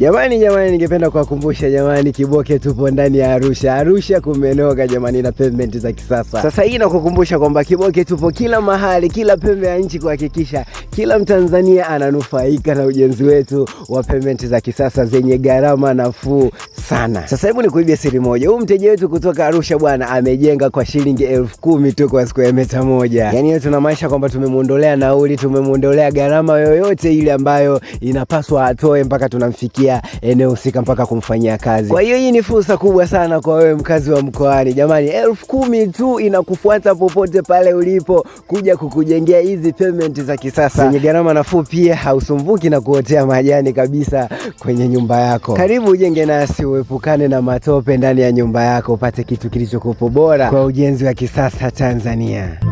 Jamani, jamani, ningependa kuwakumbusha jamani, Kiboke tupo ndani ya Arusha. Arusha kumenoka jamani, na pavement za kisasa. Sasa hii nakukumbusha kwamba Kiboke tupo kila mahali, kila pembe ya nchi, kuhakikisha kila Mtanzania ananufaika na ujenzi wetu wa pavement za kisasa zenye gharama nafuu sana. Sasa hebu nikuibie siri moja, huu mteja wetu kutoka Arusha bwana amejenga kwa shilingi elfu kumi tu kwa square meter moja. Yani hiyo tunamaanisha kwamba tumemwondolea nauli, tumemwondolea gharama yoyote ile ambayo inapaswa atoe mpaka tunamfikia kuingia eneo husika mpaka kumfanyia kazi. Kwa hiyo hii ni fursa kubwa sana kwa wewe mkazi wa mkoani, jamani, elfu kumi tu inakufuata popote pale ulipo kuja kukujengea hizi pavement za kisasa zenye gharama nafuu, pia hausumbuki na kuotea majani kabisa kwenye nyumba yako. Karibu ujenge nasi, uepukane na matope ndani ya nyumba yako, upate kitu kilichokupo bora kwa ujenzi wa kisasa Tanzania.